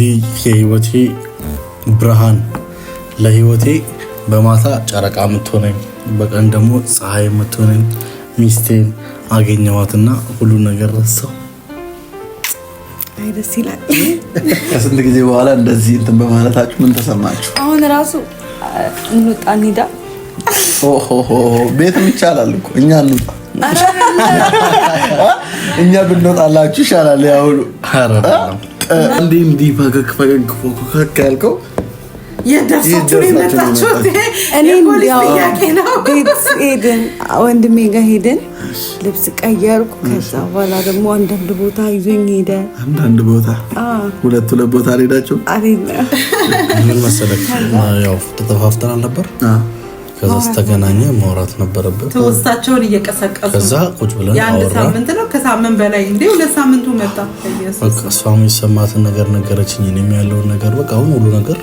ይህ የህይወቴ ብርሃን ለህይወቴ በማታ ጨረቃ የምትሆነኝ በቀን ደግሞ ፀሐይ የምትሆነኝ ሚስቴን አገኘዋትና ሁሉ ነገር ረሳው። ደስ ይላል። ከስንት ጊዜ በኋላ እንደዚህ እንትን በማለታችሁ ምን ተሰማችሁ? አሁን ራሱ እንውጣ እንሂዳ። ቤትም ይቻላል እኮ እኛ እንውጣ እኛ ብንወጣላችሁ ይሻላል ያውሉ እንዲህ እንዲህ ፈገግ ፈገግ ፎከክ ያልከው የደርሳችሁ የመጣችሁ እኔ ሄድን ወንድሜ ጋር ሄደን ልብስ ቀየርኩ። ከዛ በኋላ ደግሞ አንዳንድ ቦታ ይዞኝ ሄደ። አንዳንድ ቦታ ሁለት ሁለት ቦታ አልሄዳችሁም? ምን መሰለህ ያው ተጠፋፍተናል ነበር ከዛ ስተገናኘ ማውራት ነበረበት። ትውስታቸውን እየቀሰቀሱ ከዛ ቁጭ ብለን የአንድ ሳምንት ነው ከሳምንት በላይ እንደ ሁለት ሳምንቱ መጣ። እሷም የሰማትን ነገር ነገረችኝ፣ እኔም ያለውን ነገር በቃ አሁን ሁሉ ነገር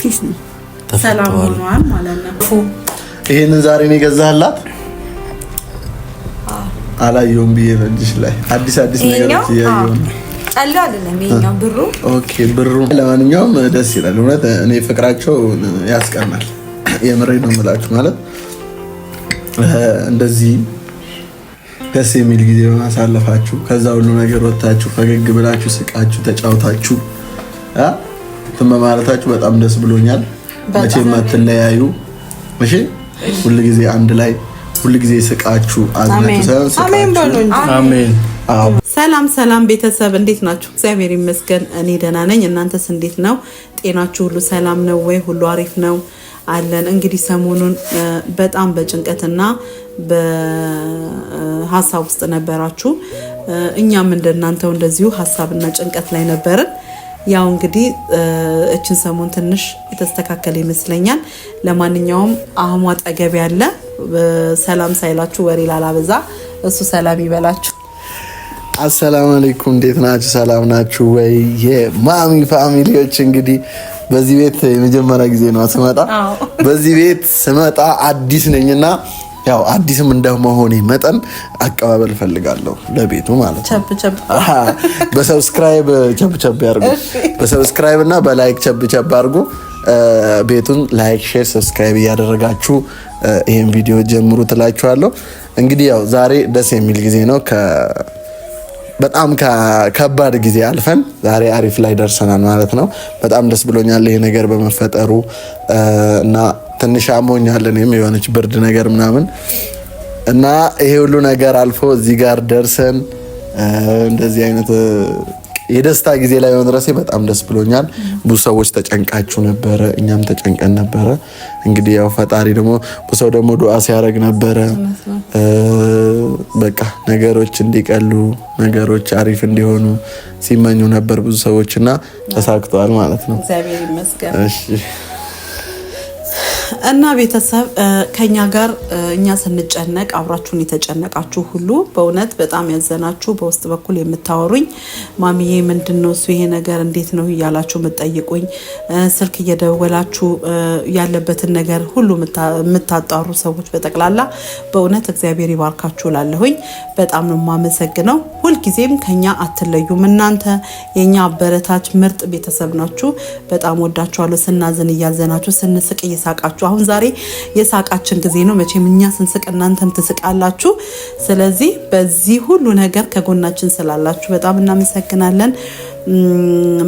ፒስ ነው፣ ሰላም ሆኗል ማለት ነው። ይህንን ዛሬ ነው የገዛህላት? አላየውም ብዬ ነው እጅሽ ላይ አዲስ አዲስ ነገሮች እያየሁ ነው ቀላል አይደለም ይሄኛው ብሩ። ብሩ ለማንኛውም ደስ ይላል እውነት። እኔ ፍቅራቸው ያስቀናል። የምሬ ነው የምላችሁ ማለት እንደዚህ ደስ የሚል ጊዜ በማሳለፋችሁ ከዛ ሁሉ ነገር ወጥታችሁ ፈገግ ብላችሁ ስቃችሁ ተጫውታችሁ እንትን በማለታችሁ በጣም ደስ ብሎኛል። መቼም አትለያዩ። እሺ፣ ሁል ጊዜ አንድ ላይ ሁል ጊዜ ስቃችሁ አዝናችሁ ሰላም ሰላም ቤተሰብ እንዴት ናችሁ? እግዚአብሔር ይመስገን እኔ ደህና ነኝ። እናንተስ እንዴት ነው? ጤናችሁ ሁሉ ሰላም ነው ወይ? ሁሉ አሪፍ ነው? አለን። እንግዲህ ሰሞኑን በጣም በጭንቀትና በሀሳብ ውስጥ ነበራችሁ። እኛም እንደናንተው እንደዚሁ ሀሳብና ጭንቀት ላይ ነበርን። ያው እንግዲህ እችን ሰሞን ትንሽ የተስተካከለ ይመስለኛል። ለማንኛውም አህሙ አጠገብ ያለ ሰላም ሳይላችሁ ወሬ ላላበዛ እሱ ሰላም ይበላችሁ። አሰላም አለይኩም፣ እንዴት ናችሁ? ሰላም ናችሁ ወይ? የማሚ ፋሚሊዎች እንግዲህ በዚህ ቤት የመጀመሪያ ጊዜ ነው ስመጣ። በዚህ ቤት ስመጣ አዲስ ነኝና ያው አዲስም እንደመሆኔ መጠን አቀባበል ፈልጋለሁ ለቤቱ ማለት ነው። በሰብስክራይብ ቸብ ቸብ ያርጉ። በሰብስክራይብ እና በላይክ ቸብ ቸብ አርጉ። ቤቱን ላይክ፣ ሼር፣ ሰብስክራይብ እያደረጋችሁ ይህን ቪዲዮ ጀምሩ ትላችኋለሁ። እንግዲህ ያው ዛሬ ደስ የሚል ጊዜ ነው። በጣም ከባድ ጊዜ አልፈን ዛሬ አሪፍ ላይ ደርሰናል ማለት ነው። በጣም ደስ ብሎኛል ይሄ ነገር በመፈጠሩ እና ትንሽ አሞኛል እኔም የሆነች ብርድ ነገር ምናምን እና ይሄ ሁሉ ነገር አልፎ እዚህ ጋር ደርሰን እንደዚህ አይነት የደስታ ጊዜ ላይ መድረሴ በጣም ደስ ብሎኛል። ብዙ ሰዎች ተጨንቃችሁ ነበረ፣ እኛም ተጨንቀን ነበረ። እንግዲህ ያው ፈጣሪ ደግሞ ብዙ ሰው ደግሞ ዱዓ ሲያደርግ ነበረ በቃ ነገሮች እንዲቀሉ ነገሮች አሪፍ እንዲሆኑ ሲመኙ ነበር ብዙ ሰዎች እና ተሳክተዋል ማለት ነው። እግዚአብሔር ይመስገን። እና ቤተሰብ ከኛ ጋር እኛ ስንጨነቅ አብራችሁን የተጨነቃችሁ ሁሉ በእውነት በጣም ያዘናችሁ በውስጥ በኩል የምታወሩኝ ማሚዬ ምንድን ነው እሱ ይሄ ነገር እንዴት ነው እያላችሁ የምትጠይቁኝ ስልክ እየደወላችሁ ያለበትን ነገር ሁሉ የምታጣሩ ሰዎች በጠቅላላ በእውነት እግዚአብሔር ይባርካችሁ ላለሁኝ በጣም ነው የማመሰግነው። ሁልጊዜም ከኛ አትለዩም። እናንተ የእኛ አበረታች ምርጥ ቤተሰብ ናችሁ። በጣም ወዳችኋለሁ። ስናዝን እያዘናችሁ ስንስቅ እየሳቃችሁ አሁን ዛሬ የሳቃችን ጊዜ ነው። መቼም እኛ ስንስቅ እናንተም ትስቃላችሁ። ስለዚህ በዚህ ሁሉ ነገር ከጎናችን ስላላችሁ በጣም እናመሰግናለን።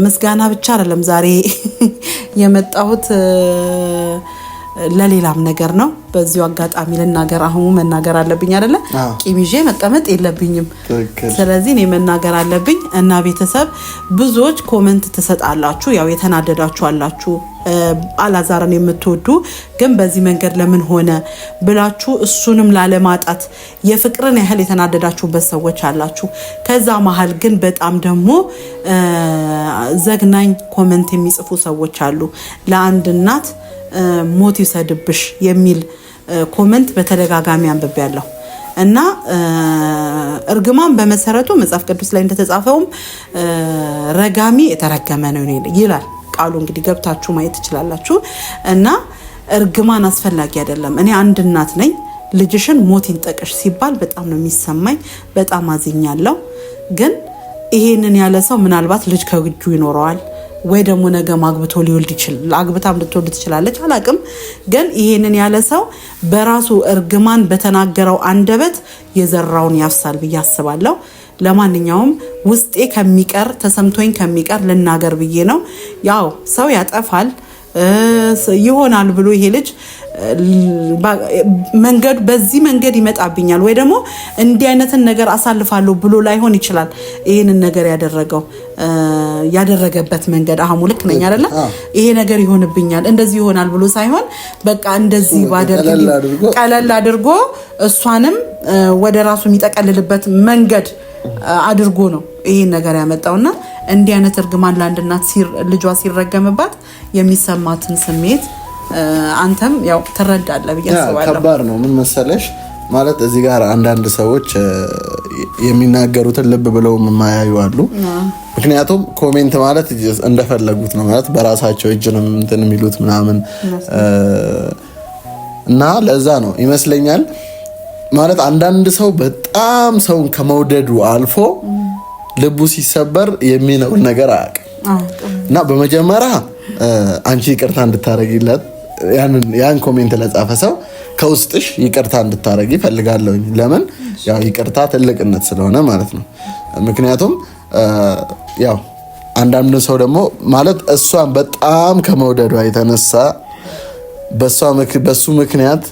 ምስጋና ብቻ አይደለም ዛሬ የመጣሁት ለሌላም ነገር ነው። በዚሁ አጋጣሚ ልናገር፣ አሁኑ መናገር አለብኝ አይደለ? ቂም ይዤ መቀመጥ የለብኝም። ስለዚህ እኔ መናገር አለብኝ እና ቤተሰብ ብዙዎች ኮመንት ትሰጣላችሁ፣ ያው የተናደዳችሁ አላችሁ አላዛርን የምትወዱ ግን በዚህ መንገድ ለምን ሆነ ብላችሁ እሱንም ላለማጣት የፍቅርን ያህል የተናደዳችሁበት ሰዎች አላችሁ። ከዛ መሀል ግን በጣም ደግሞ ዘግናኝ ኮመንት የሚጽፉ ሰዎች አሉ። ለአንድ እናት ሞት ይውሰድብሽ የሚል ኮመንት በተደጋጋሚ አንብቤ ያለሁ እና እርግማን በመሰረቱ መጽሐፍ ቅዱስ ላይ እንደተጻፈውም ረጋሚ የተረገመ ነው ይላል ቃሉ እንግዲህ ገብታችሁ ማየት ትችላላችሁ። እና እርግማን አስፈላጊ አይደለም። እኔ አንድ እናት ነኝ። ልጅሽን ሞት ይንጠቀሽ ሲባል በጣም ነው የሚሰማኝ። በጣም አዝኛለሁ። ግን ይሄንን ያለ ሰው ምናልባት ልጅ ከእጁ ይኖረዋል ወይ ደግሞ ነገ ማግብቶ ሊወልድ ይችላል። አግብታም ልትወልድ ትችላለች፣ አላቅም። ግን ይሄንን ያለ ሰው በራሱ እርግማን በተናገረው አንደበት የዘራውን ያፍሳል ብዬ አስባለሁ። ለማንኛውም ውስጤ ከሚቀር ተሰምቶኝ ከሚቀር ልናገር ብዬ ነው። ያው ሰው ያጠፋል ይሆናል ብሎ ይሄ ልጅ መንገዱ በዚህ መንገድ ይመጣብኛል ወይ ደግሞ እንዲህ አይነትን ነገር አሳልፋለሁ ብሎ ላይሆን ይችላል። ይህንን ነገር ያደረገው ያደረገበት መንገድ አህሙ ልክ ነኝ አይደለ? ይሄ ነገር ይሆንብኛል እንደዚህ ይሆናል ብሎ ሳይሆን በቃ እንደዚህ ባደርግ ቀለል አድርጎ እሷንም ወደ ራሱ የሚጠቀልልበት መንገድ አድርጎ ነው ይህን ነገር ያመጣውና እንዲህ አይነት እርግማን ለአንድ እናት ልጇ ሲረገምባት የሚሰማትን ስሜት አንተም ያው ትረዳለህ ብዬ አስባለሁ። ከባድ ነው። ምን መሰለሽ ማለት እዚህ ጋር አንዳንድ ሰዎች የሚናገሩትን ልብ ብለው የማያዩ አሉ። ምክንያቱም ኮሜንት ማለት እንደፈለጉት ነው ማለት በራሳቸው እጅ ነው እንትን የሚሉት ምናምን እና ለዛ ነው ይመስለኛል ማለት አንዳንድ ሰው በጣም ሰውን ከመውደዱ አልፎ ልቡ ሲሰበር የሚነውን ነገር አያውቅም እና በመጀመሪያ አንቺ ይቅርታ እንድታደርጊለት ያን ኮሜንት ለጻፈ ሰው ከውስጥሽ ይቅርታ እንድታደርጊ እፈልጋለሁኝ። ለምን ያው ይቅርታ ትልቅነት ስለሆነ ማለት ነው። ምክንያቱም ያው አንዳንድ ሰው ደግሞ ማለት እሷን በጣም ከመውደዷ የተነሳ በሱ ምክንያት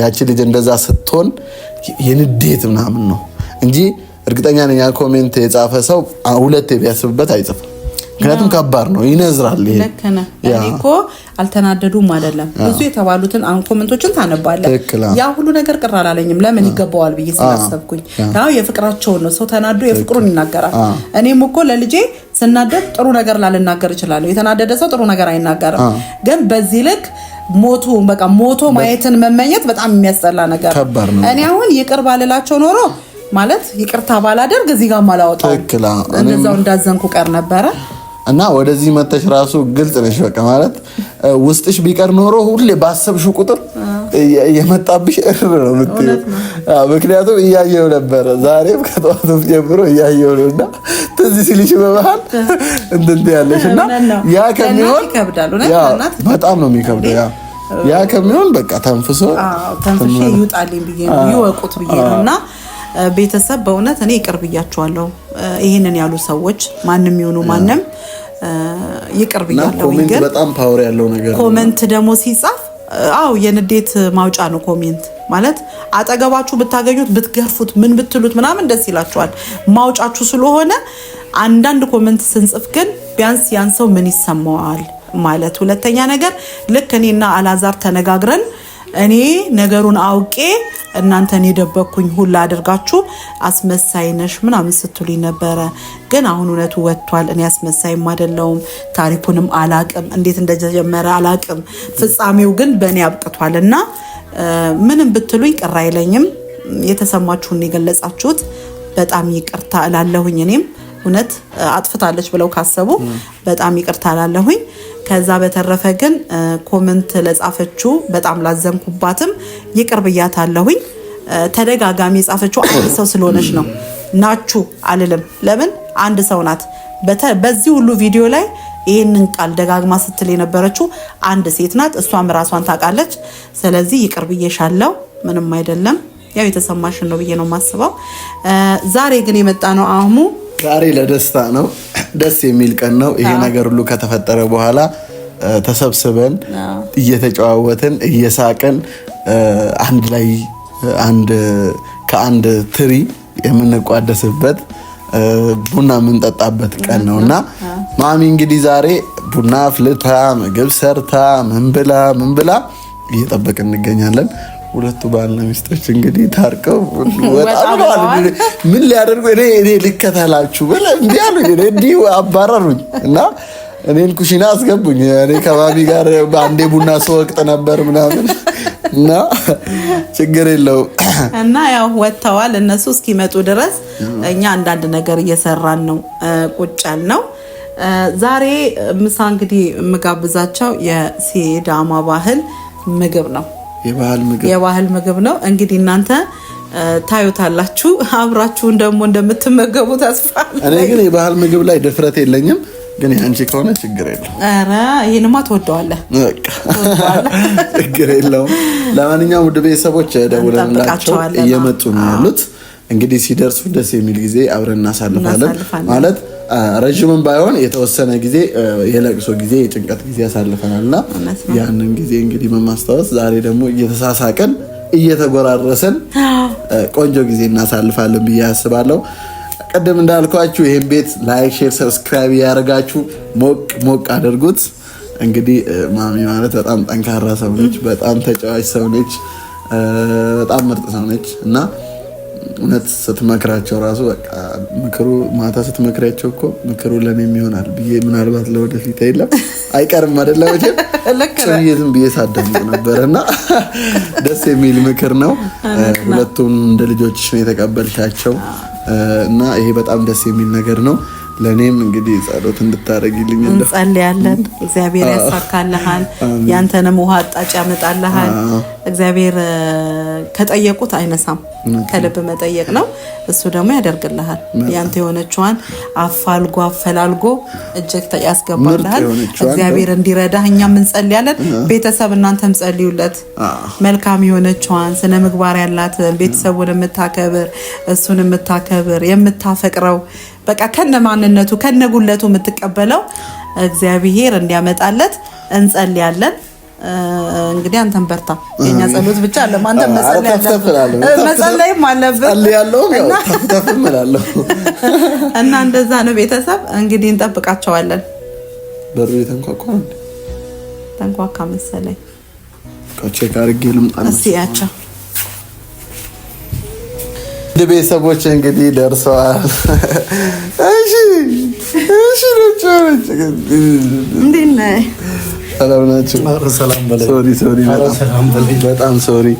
ያቺ ልጅ እንደዛ ስትሆን የንዴት ምናምን ነው እንጂ እርግጠኛ ነኝ ያ ኮሜንት የጻፈ ሰው ሁለቴ ቢያስብበት አይጽፍም። ምክንያቱም ከባድ ነው፣ ይነዝራል። ይሄ እኮ አልተናደዱም አይደለም ብዙ የተባሉትን አሁን ኮመንቶችን ታነባለ። ያ ሁሉ ነገር ቅር አላለኝም፣ ለምን ይገባዋል ብዬ ስላሰብኩኝ ያው የፍቅራቸውን ነው። ሰው ተናዶ የፍቅሩን ይናገራል። እኔም እኮ ለልጄ ስናደድ ጥሩ ነገር ላልናገር እችላለሁ። የተናደደ ሰው ጥሩ ነገር አይናገርም። ግን በዚህ ልክ ሞቱ በቃ ሞቶ ማየትን መመኘት በጣም የሚያስጠላ ነገር ነው። እኔ አሁን ይቅር ባልላቸው ኖሮ ማለት ይቅርታ ባላደርግ እዚህ ጋር ማላወጣው እዛው እንዳዘንኩ ቀር ነበረ እና ወደዚህ መተሽ ራሱ ግልጽ ነሽ። በቃ ማለት ውስጥሽ ቢቀር ኖሮ ሁሌ ባሰብሽ ቁጥር የመጣብሽ እር ነው የምትይው። ምክንያቱም እያየው ነበረ ዛሬም ከጠዋቱ ጀምሮ እያየው ነው እና ትዝ ሲልሽ በመሀል እንትን ያለሽ እና ያ ከሚሆን በጣም ነው የሚከብደው ያ ያ ከሚሆን በቃ ተንፍሶ ተንፍሼ ይውጣልኝ ብዬ ነው ይወቁት ብዬ ነው እና ቤተሰብ በእውነት እኔ ይቅር ብያቸዋለሁ። ይህንን ያሉ ሰዎች ማንም ይሆኑ ማንም ይቅር ብያለሁ። ግን በጣም ፓወር ያለው ነገር ኮመንት ደግሞ ሲጻፍ አው የንዴት ማውጫ ነው ኮሜንት ማለት አጠገባችሁ ብታገኙት ብትገርፉት ምን ብትሉት ምናምን ደስ ይላችኋል ማውጫችሁ ስለሆነ አንዳንድ ኮመንት ስንጽፍ ግን ቢያንስ ያን ሰው ምን ይሰማዋል ማለት። ሁለተኛ ነገር ልክ እኔና አላዛር ተነጋግረን እኔ ነገሩን አውቄ እናንተን የደበኩኝ ሁላ አድርጋችሁ አስመሳይ ነሽ ምናምን ስትሉኝ ነበረ። ግን አሁን እውነቱ ወጥቷል። እኔ አስመሳይም አይደለውም። ታሪኩንም አላቅም፣ እንዴት እንደተጀመረ አላቅም። ፍጻሜው ግን በእኔ አብቅቷል እና ምንም ብትሉኝ ቅር አይለኝም። የተሰማችሁን የገለጻችሁት በጣም ይቅርታ እላለሁኝ። እኔም እውነት አጥፍታለች ብለው ካሰቡ በጣም ይቅርታ እላለሁኝ። ከዛ በተረፈ ግን ኮመንት ለጻፈችው በጣም ላዘንኩባትም ይቅር ብያታለሁኝ። ተደጋጋሚ የጻፈችው አንድ ሰው ስለሆነች ነው። ናችሁ አልልም። ለምን አንድ ሰው ናት። በዚህ ሁሉ ቪዲዮ ላይ ይህንን ቃል ደጋግማ ስትል የነበረችው አንድ ሴት ናት። እሷም ራሷን ታውቃለች። ስለዚህ ይቅር ብዬሻለሁ፣ ምንም አይደለም። ያው የተሰማሽን ነው ብዬ ነው የማስበው። ዛሬ ግን የመጣ ነው አህሙ ዛሬ ለደስታ ነው ደስ የሚል ቀን ነው። ይሄ ነገር ሁሉ ከተፈጠረ በኋላ ተሰብስበን እየተጨዋወትን እየሳቅን አንድ ላይ አንድ ከአንድ ትሪ የምንቋደስበት ቡና የምንጠጣበት ቀን ነው እና ማሚ እንግዲህ ዛሬ ቡና ፍልታ፣ ምግብ ሰርታ ምንብላ ምንብላ እየጠበቅ እየጠበቅን እንገኛለን። ሁለቱ ባልና ሚስቶች እንግዲህ ታርቀው ወጣ ብለዋል። ምን ሊያደርጉ እኔ እኔ ልከተላችሁ ብለህ እንዲህ አሉኝ። እንዲህ አባረሩኝ እና እኔን ኩሽና አስገቡኝ። እኔ ከባቢ ጋር በአንዴ ቡና ስወቅጥ ነበር ምናምን እና ችግር የለው እና ያው ወጥተዋል። እነሱ እስኪመጡ ድረስ እኛ አንዳንድ ነገር እየሰራን ነው። ቁጫል ነው ዛሬ ምሳ እንግዲህ የምጋብዛቸው የሲዳማ ባህል ምግብ ነው። የባህል ምግብ ነው እንግዲህ እናንተ ታዩታላችሁ። አብራችሁን ደግሞ እንደምትመገቡ ተስፋ እኔ ግን የባህል ምግብ ላይ ድፍረት የለኝም። ግን ያንቺ ከሆነ ችግር የለውም። ኧረ ይህንማ ትወደዋለህ፣ ችግር የለውም። ለማንኛውም ውድ ቤተሰቦች ደውለንላቸው እየመጡ ነው ያሉት። እንግዲህ ሲደርሱ ደስ የሚል ጊዜ አብረን እናሳልፋለን ማለት ረዥምም ባይሆን የተወሰነ ጊዜ የለቅሶ ጊዜ የጭንቀት ጊዜ ያሳልፈናል እና ያንን ጊዜ እንግዲህ በማስታወስ ዛሬ ደግሞ እየተሳሳቅን እየተጎራረሰን ቆንጆ ጊዜ እናሳልፋለን ብዬ አስባለሁ። ቅድም እንዳልኳችሁ ይህን ቤት ላይክ፣ ሼር፣ ሰብስክራይብ እያደረጋችሁ ሞቅ ሞቅ አድርጉት። እንግዲህ ማሚ ማለት በጣም ጠንካራ ሰው ነች፣ በጣም ተጫዋች ሰው ነች፣ በጣም ምርጥ ሰው ነች እና እውነት ስትመክራቸው ራሱ በቃ ምክሩ ማታ ስትመክሪያቸው እኮ ምክሩ ለእኔም ይሆናል ብዬ ምናልባት ለወደፊት የለም አይቀርም አይደለ መቼም ብዬ ሳዳምጥ ነበር እና ደስ የሚል ምክር ነው። ሁለቱም እንደ ልጆች ነው እና ይሄ በጣም ደስ የሚል ነገር ነው። ለእኔም እንግዲህ ጸሎት እንድታደረግልኝ እንጸልያለን። እግዚአብሔር ያሳካልሃል። ያንተንም ውሃ አጣጭ ያመጣልሃል። እግዚአብሔር ከጠየቁት አይነሳም። ከልብ መጠየቅ ነው። እሱ ደግሞ ያደርግልሃል። ያንተ የሆነችዋን አፋልጎ አፈላልጎ እጅግ ያስገባልሃል። እግዚአብሔር እንዲረዳህ እኛም እንጸልያለን። ቤተሰብ እናንተም ጸልዩለት። መልካም የሆነችዋን ስነ ምግባር ያላትን ቤተሰቡን የምታከብር እሱን የምታከብር የምታፈቅረው በቃ ከነ ማንነቱ ከነ ጉለቱ የምትቀበለው እግዚአብሔር እንዲያመጣለት እንጸልያለን። እንግዲህ አንተን በርታ። የኛ ጸሎት ብቻ አለ አንተ መጸለይም አለብን እና እንደዛ ነው። ቤተሰብ እንግዲህ እንጠብቃቸዋለን። በሩ የተንኳኳ ተንኳካ መሰለኝ። ቼክ አድርጌ ልምጣ። ቤተሰቦች እንግዲህ ደርሰዋል። እሺ፣ እሺ። ነጭ ነጭ እንዴት ነህ? ሰላም ናቸው። ሶሪ ሶሪ፣ በጣም ሶሪ።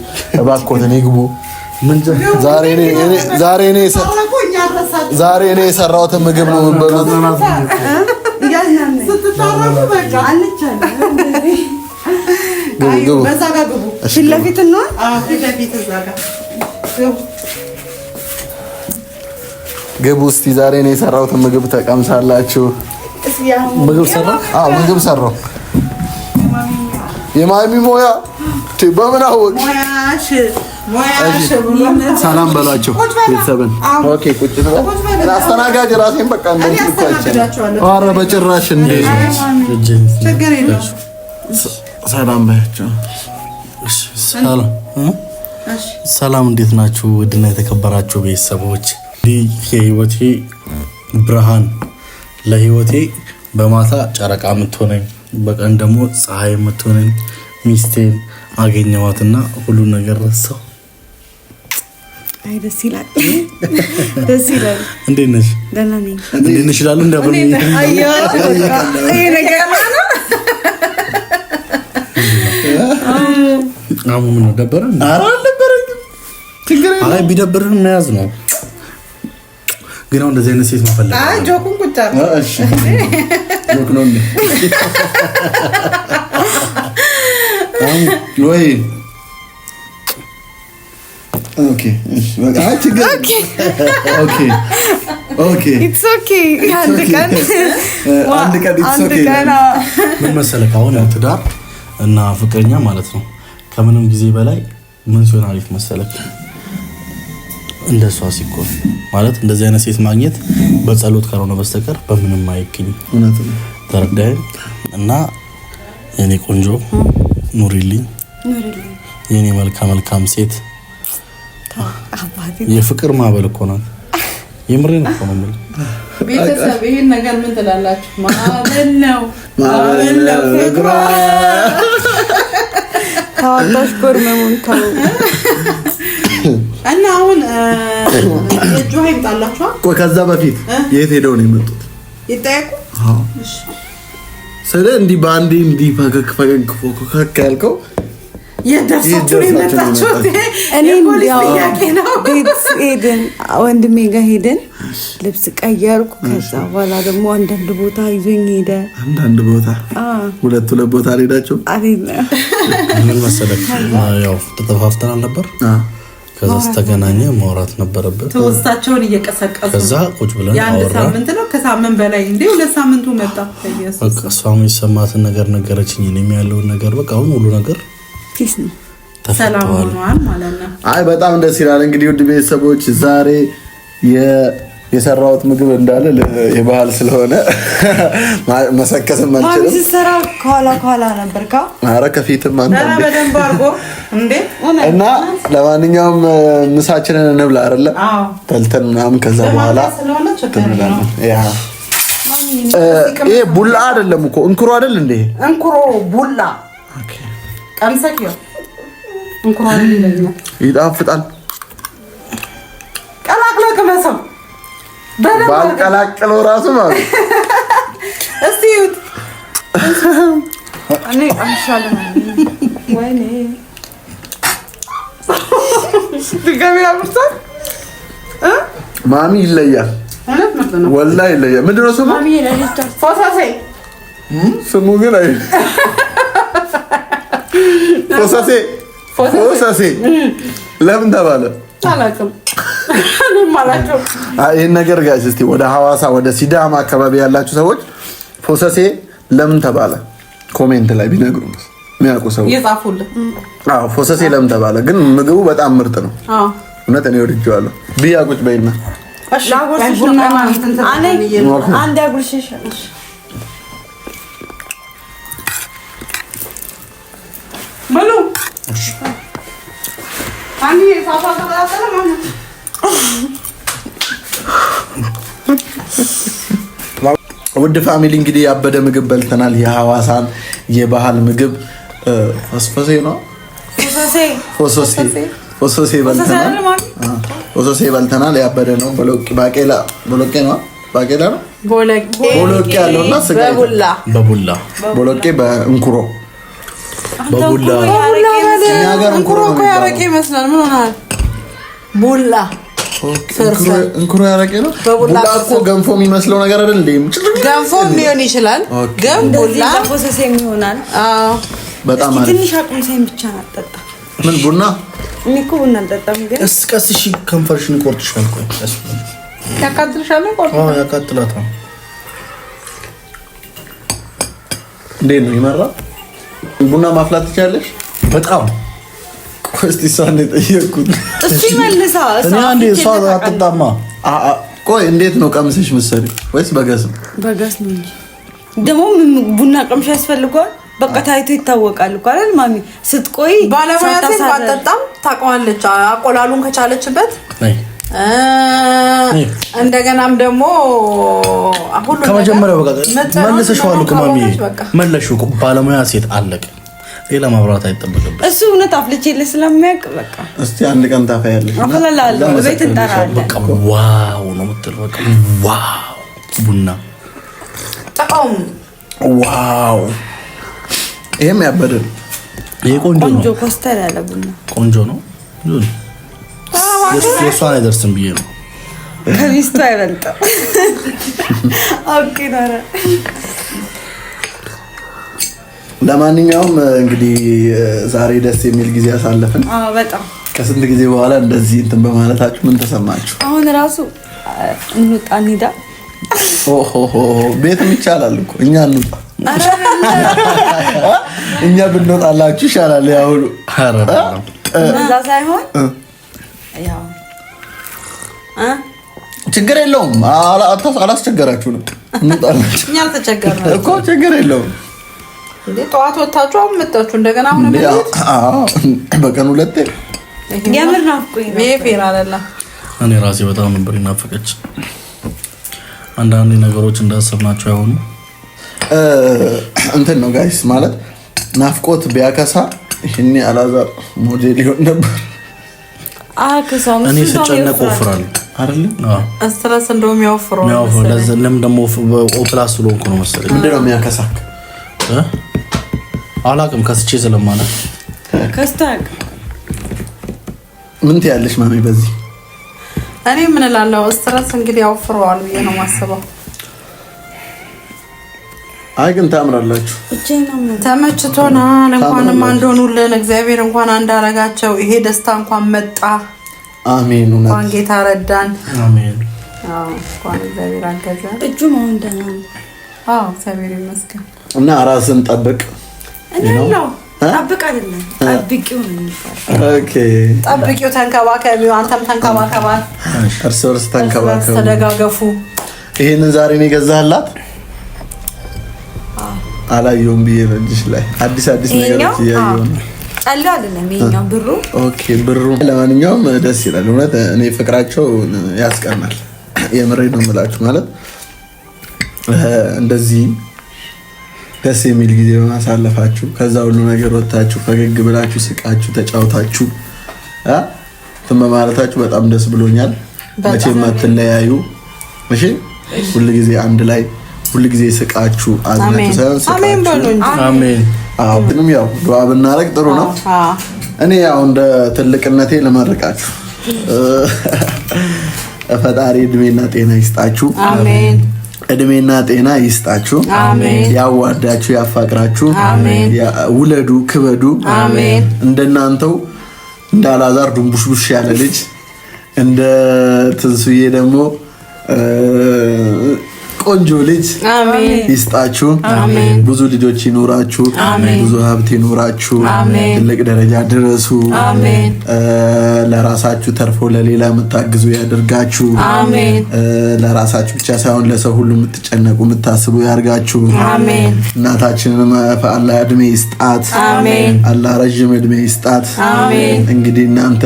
ዛሬ እኔ የሰራሁትን ምግብ ነው የምንበሉት። ግቡ፣ ግቡ፣ ፊት ለፊት ግቡ እስቲ ዛሬ ነው የሰራሁትን ምግብ ተቀምሳላችሁ። ምግብ ሰራ? አዎ ምግብ ሰራው። የማሚ ሞያ በምን አወቅ? ሰላም በላቸው ቤተሰብን። ኦኬ ቁጭ ነው አስተናጋጅ ራሴን በቃ እንደዚህ። ኧረ በጭራሽ እንዴ! ሰላም በያቸው። ሰላም፣ እንዴት ናችሁ? ውድና የተከበራችሁ ቤተሰቦች ይህ የህይወቴ ብርሃን ለህይወቴ በማታ ጨረቃ የምትሆነኝ በቀን ደግሞ ፀሐይ የምትሆነኝ ሚስቴን አገኘዋትና ሁሉ ነገር ረሳው። አይ ደስ ይላል፣ ደስ ይላል። እንዴት ነሽ? ደህና ነኝ። እንዴት ነሽ ይላሉ። አይ ቢደብርህም መያዝ ነው ግን አሁን እንደዚህ አይነት ሴት መፈለግ ጆኩን ቁጫ ጆክ ነው ወይ? ምን መሰለህ አሁን ትዳር እና ፍቅረኛ ማለት ነው ከምንም ጊዜ በላይ ምን ሲሆን አሪፍ መሰለህ እንደ እሷ ሲኮን ማለት እንደዚህ አይነት ሴት ማግኘት በጸሎት ካልሆነ በስተቀር በምንም አይገኝም። ተረዳይ እና የኔ ቆንጆ ኑሪልኝ፣ የኔ መልካ መልካም ሴት የፍቅር ማዕበል እኮ ናት። የምሬን እኮ ነው ቤተሰብ ይህን ነገር ምን ትላላችሁ? ማዕበል ነው ማዕበል ነው ፍቅሯ ታዋጣሽ ጎርመሙን ታው እና አሁን እጁ ይምጣላችኋል። ቆይ ከዛ በፊት የት ሄደው ነው የመጡት? ይጠየቁ ስለ እንዲህ በአንዴ እንዲህ ፈገግ ፈገግ ፎከክ ያልከው የደርሳችሁ የመጣችሁት ሄድን ወንድሜ ጋር ሄደን ልብስ ቀየርኩ። ከዛ በኋላ ደግሞ አንዳንድ ቦታ ይዞኝ ሄደ። አንዳንድ ቦታ ሁለት ሁለት ቦታ አልሄዳችሁም? ምን መሰለህ ያው ተጠፋፍተናል ነበር ከዛ ስተገናኘ ማውራት ነበረብን። ትውስታቸውን እየቀሰቀሱ ከዛ ቁጭ ብለን የአንድ ሳምንት ነው ከሳምንት በላይ እንዲ ሁለት ሳምንቱ መጣ። እሷም የሰማትን ነገር ነገረችኝ። እኔም ያለውን ነገር በቃ አሁን ሁሉ ነገር ተፈተዋል ማለት ነው። አይ በጣም ደስ ይላል። እንግዲህ ውድ ቤተሰቦች ዛሬ የሰራሁት ምግብ እንዳለ የባህል ስለሆነ መሰከስም አልችልም። ሲሰራ ከኋላ ከኋላ ነበር ኧረ ከፊትም እና ለማንኛውም ምሳችንን እንብላ አይደለ በልተን ምናምን ከዛ በኋላ ይሄ ቡላ አይደለም እኮ እንኩሮ አይደል እንዴ? እንኩሮ ቡላ ቀምሰክ እንኩሮ ይጣፍጣል። ቀላቅሎ ቅመሰው ባልቀላቅለው ራሱ ማለት እስቲ ይሁት እኔ አንሻለሁ። ወይኔ ድጋሚ አብርቷል። ማሚ ይለያል፣ ወላ ይለያል። ምንድን ነው ስሙ? ስሙ ግን አይ ፎሳሴ ፎሳሴ ለምን ተባለ አላውቅም። ይህን ነገር ጋይስ እስኪ ወደ ሐዋሳ ወደ ሲዳማ አካባቢ ያላችሁ ሰዎች ፎሰሴ ለምን ተባለ ኮሜንት ላይ ቢነግሩ የሚያውቁ ሰው ፎሰሴ ለምን ተባለ። ግን ምግቡ በጣም ምርጥ ነው። እውነት እኔ ወድጄዋለሁ። ብያቁጭ በይና አንድ ውድ ፋሚሊ እንግዲህ ያበደ ምግብ በልተናል። የሐዋሳን የባህል ምግብ ፎሶሴ ነው ፎሶሴ በልተናል። ፎሶሴ በልተናል። ያበደ ነው። ባቄላ ቦሎቄ ነው። ባቄላ ነው ቦሎቄ ያለውና ስጋ በቡላ ቦሎቄ በእንኩሮ በቡላ እኛ ጋር እንኩሮ ነው። ቡላ እንኩሮ ያረቀ ነው። ቡላ እኮ ገንፎ የሚመስለው ነገር አይደለም። ገንፎ ሊሆን ይችላል፣ ግን ቡላ ፖሰሴም ይሆናል። በጣም አሪፍ። ትንሽ አቁምሳይም ብቻ ናጠጣ። ምን ቡና እኔ እኮ ቡና አልጠጣም፣ ግን እስ እስቀስ። እሺ ከንፈርሽን ይቆርጥሻል። ያቃጥልሻል። ቆርጥ ያቃጥላት ነው። እንዴት ነው ይመራ? ቡና ማፍላት ትችላለሽ በጣም እስቲ እሷን የጠየቅኩት እሱ ይመልሳል። እሷ አትጣማ። ቆይ እንዴት ነው ቀምሰሽ ምሰሪ ወይስ በገስ ነው? በገስ ነው እንጂ ደግሞ ቡና ቀምሻ ያስፈልገዋል። በቃ ታይቶ ይታወቃል እኮ አይደል ማሚ። ስትቆይ ባለሙያ ሴት ባጠጣም ታውቀዋለች። አቆላሉን ከቻለችበት እንደገናም ደግሞ ከመጀመሪያው በቃ መልሰሽዋል እኮ ማሚ፣ መለሽው። ባለሙያ ሴት አለቀ ሌላ ማብራት አይጠበቅበት። እሱ እውነት አፍልቼልህ ስለሚያውቅ በቃ እስቲ አንድ ቀን ታፈያለሽ። ዋው ቡና ቆንጆ ነው። የእሷን አይደርስም ብዬ ነው ከሚስቱ አይበልጥም። ኖረ ለማንኛውም እንግዲህ ዛሬ ደስ የሚል ጊዜ አሳለፍን። በጣም ከስንት ጊዜ በኋላ እንደዚህ እንትን በማለታችሁ ምን ተሰማችሁ? አሁን ራሱ እንውጣ እንሂዳ። ቤትም ይቻላል እኮ እኛ እንውጣ፣ እኛ ብንወጣላችሁ ይሻላል። ያሁሉ እዛ ሳይሆን ችግር የለውም አላስቸገራችሁንም። እንውጣላችሁ እኮ ችግር የለውም ጠዋት ወታችሁ አሁን መጣችሁ እንደገና አሁን በቀን ሁለቴ የምር ናፍቆኝ እኔ ራሴ በጣም ነበር ይናፈቀች አንዳንድ ነገሮች እንዳሰብናቸው አይሆኑ እንትን ነው ጋይስ ማለት ናፍቆት ቢያከሳ ይህኔ አላዛር ሞዴል ይሆን ነበር እኔ ስጨነቅ ወፍራል አይደለም ስትረስ እንደውም ያወፍረው ለምን ደግሞ ኦፕላስ ስለሆንኩ ነው መሰለኝ ምንድነው የሚያከሳክ አላቅም ከስቼ ስለማለ ከስታቅ ምን ትያለሽ ማሚ? በዚህ እኔ ምን እላለሁ፣ ስትረስ እንግዲህ አውፍረዋል ብዬ ነው የማስበው። አይ ግን ታምራላችሁ፣ ተመችቶናል። እንኳንም አንድ እግዚአብሔር እንኳን አንዳረጋቸው። ይሄ ደስታ እንኳን መጣ። አሜን። እንኳን ጌታ ረዳን። አሜን። አዎ፣ እንኳን እግዚአብሔር ነው እግዚአብሔር ይመስገን። እና ራስን ጠብቅ ጠብቅ ጠብቂው ተንከባከቢው፣ አንተም ተንከባከባት፣ እርስ በርስ ተንከባከቡ፣ ተደጋገፉ። ይህንን ዛሬ ነው የገዛህላት? አላየውም ብዬ ነው እጅሽ ላይ አዲስ አዲስ ነገሮች እያየሁ ነው። ብሩ። ለማንኛውም ደስ ይላል እውነት። እኔ ፍቅራቸው ያስቀናል። የምሬ ነው የምላችሁ ማለት እንደዚህ ደስ የሚል ጊዜ በማሳለፋችሁ ከዛ ሁሉ ነገር ወጥታችሁ ፈገግ ብላችሁ ስቃችሁ ተጫውታችሁ እንትን በጣም ደስ ብሎኛል። መቼም አትለያዩ። እሺ፣ ሁል ጊዜ አንድ ላይ ሁል ጊዜ ስቃችሁ አዝናችሁ ሳይሆን ስቃችሁ። አሜን። አዎ፣ ምንም ያው ዱዓ ብናረግ ጥሩ ነው። እኔ ያው እንደ ትልቅነቴ ልመርቃችሁ ፈጣሪ እድሜና ጤና ይስጣችሁ። አሜን። እድሜና ጤና ይስጣችሁ፣ ያዋዳችሁ ያፋቅራችሁ፣ ውለዱ፣ ክበዱ። እንደናንተው እንደ አላዛር ዱንቡሽቡሽ ያለ ልጅ እንደ ትንሱዬ ደግሞ ቆንጆ ልጅ ይስጣችሁ። ብዙ ልጆች ይኖራችሁ፣ ብዙ ሀብት ይኖራችሁ፣ ትልቅ ደረጃ ድረሱ። ለራሳችሁ ተርፎ ለሌላ የምታግዙ ያደርጋችሁ። ለራሳችሁ ብቻ ሳይሆን ለሰው ሁሉ የምትጨነቁ የምታስቡ ያደርጋችሁ። እናታችንን አላህ እድሜ ይስጣት፣ አላህ ረዥም እድሜ ይስጣት። እንግዲህ እናንተ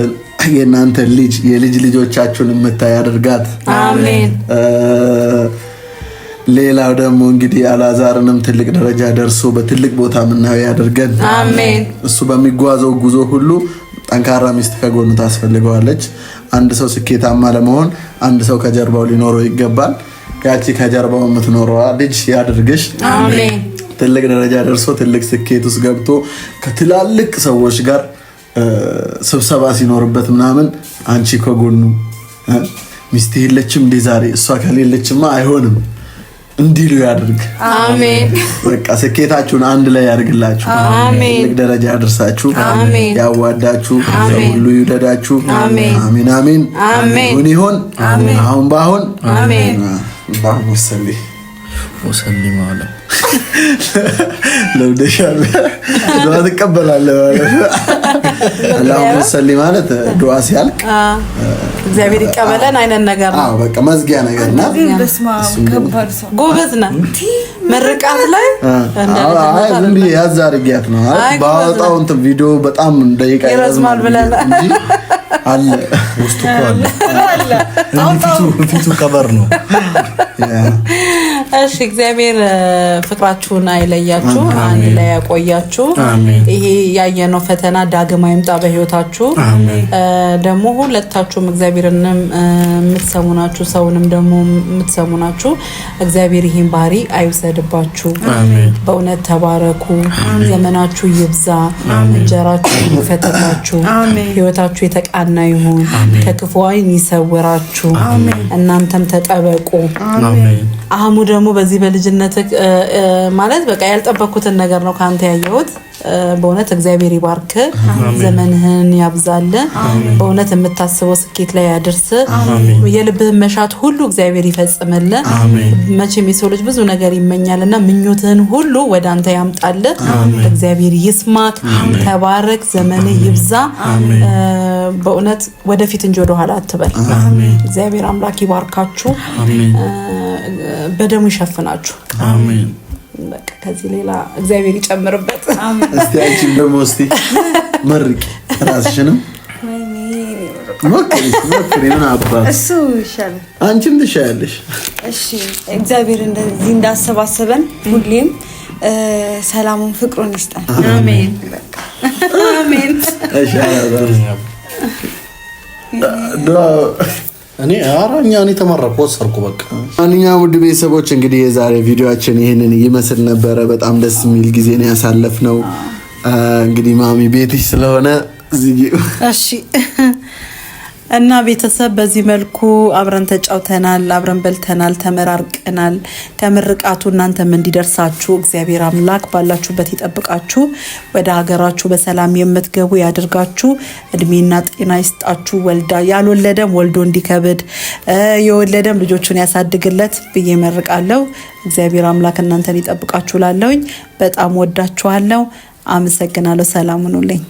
የእናንተ ልጅ የልጅ ልጆቻችሁን የምታይ ያደርጋት አሜን። ሌላው ደግሞ እንግዲህ አላዛርንም ትልቅ ደረጃ ደርሶ በትልቅ ቦታ ምናየው ያደርገን። እሱ በሚጓዘው ጉዞ ሁሉ ጠንካራ ሚስት ከጎኑ ታስፈልገዋለች። አንድ ሰው ስኬታማ ለመሆን አንድ ሰው ከጀርባው ሊኖረው ይገባል። ያቺ ከጀርባው የምትኖረዋ ልጅ ያድርግሽ። ትልቅ ደረጃ ደርሶ ትልቅ ስኬት ውስጥ ገብቶ ከትላልቅ ሰዎች ጋር ስብሰባ ሲኖርበት ምናምን አንቺ ከጎኑ ሚስት የለችም እንዴ ዛሬ እሷ ከሌለችማ አይሆንም እንዲሉ ያድርግ። አሜን። በቃ ስኬታችሁን አንድ ላይ ያድርግላችሁ። ትልቅ ደረጃ ያደርሳችሁ፣ ያዋዳችሁ፣ ሁሉ ይውደዳችሁ። አሜን፣ አሜን፣ አሜን። ይሁን ይሁን፣ አሁን በአሁን፣ አሜን። ወሰልም አለ ለምደሻለ ዱዓ ትቀበላለህ ማለት አላሁም ሰሊ ማለት ዱዓ ሲያልቅ እግዚአብሔር ይቀበለን አይነት ነገር ነው። አዎ በቃ መዝጊያ ነገር ነው። ጎበዝ ና ምርቃት ላይ ዝም ብዬ ያዝ አድርጊያት ነው ባወጣው እንትን ቪዲዮ በጣም እንደይቃ ይረዝማል ብለህ አለ ውስጡ እኮ አለ ፊቱ ከበር ነው እሺ እግዚአብሔር ፍቅራችሁን አይለያችሁ፣ አንድ ላይ ያቆያችሁ። ይሄ ያየነው ፈተና ዳግም አይምጣ በህይወታችሁ። ደግሞ ሁለታችሁም እግዚአብሔርንም የምትሰሙ ናችሁ፣ ሰውንም ደግሞ የምትሰሙ ናችሁ። እግዚአብሔር ይህን ባህሪ አይውሰድባችሁ። በእውነት ተባረኩ፣ ዘመናችሁ ይብዛ፣ እንጀራችሁ ይፈተታችሁ፣ ህይወታችሁ የተቃና ይሁን፣ ከክፉ ይሰውራችሁ። እናንተም ተጠበቁ። አህሙ ደግሞ በዚህ በልጅነት ማለት በቃ ያልጠበኩትን ነገር ነው ከአንተ ያየሁት። በእውነት እግዚአብሔር ይባርክ፣ ዘመንህን ያብዛል፣ በእውነት የምታስበው ስኬት ላይ ያድርስ፣ የልብህን መሻት ሁሉ እግዚአብሔር ይፈጽምል። መቼም የሰው ልጅ ብዙ ነገር ይመኛል እና ምኞትህን ሁሉ ወደ አንተ ያምጣል። እግዚአብሔር ይስማክ፣ ተባረክ፣ ዘመንህ ይብዛ። በእውነት ወደፊት እንጂ ወደኋላ አትበል። እግዚአብሔር አምላክ ይባርካችሁ፣ በደሙ ይሸፍናችሁ። በቃ ከዚህ ሌላ እግዚአብሔር ይጨምርበት። እስቲ አንቺም ደግሞ እስቲ መርቂ ራስሽንም እሱ ይሻላል፣ አንቺም ትሻያለሽ። እሺ እግዚአብሔር እንደዚህ እንዳሰባሰበን ሁሌም ሰላሙን ፍቅሩን ይስጠን። አሜን አሜን። እኔ አራኛ እኔ ተመረኩ ወሰርኩ በቃ። ማንኛውም ውድ ቤተሰቦች እንግዲህ የዛሬ ቪዲዮችን ይህንን ይመስል ነበረ። በጣም ደስ የሚል ጊዜ ነው ያሳለፍነው። እንግዲህ ማሚ ቤትሽ ስለሆነ እሺ እና ቤተሰብ በዚህ መልኩ አብረን ተጫውተናል፣ አብረን በልተናል፣ ተመራርቀናል። ከምርቃቱ እናንተም እንዲደርሳችሁ እግዚአብሔር አምላክ ባላችሁበት ይጠብቃችሁ፣ ወደ ሀገራችሁ በሰላም የምትገቡ ያደርጋችሁ እድሜና ጤና ይስጣችሁ። ወልዳ ያልወለደም ወልዶ እንዲከብድ የወለደም ልጆቹን ያሳድግለት ብዬ መርቃለሁ። እግዚአብሔር አምላክ እናንተን ይጠብቃችሁ። ላለውኝ በጣም ወዳችኋለሁ። አመሰግናለሁ። ሰላም ሁኑልኝ።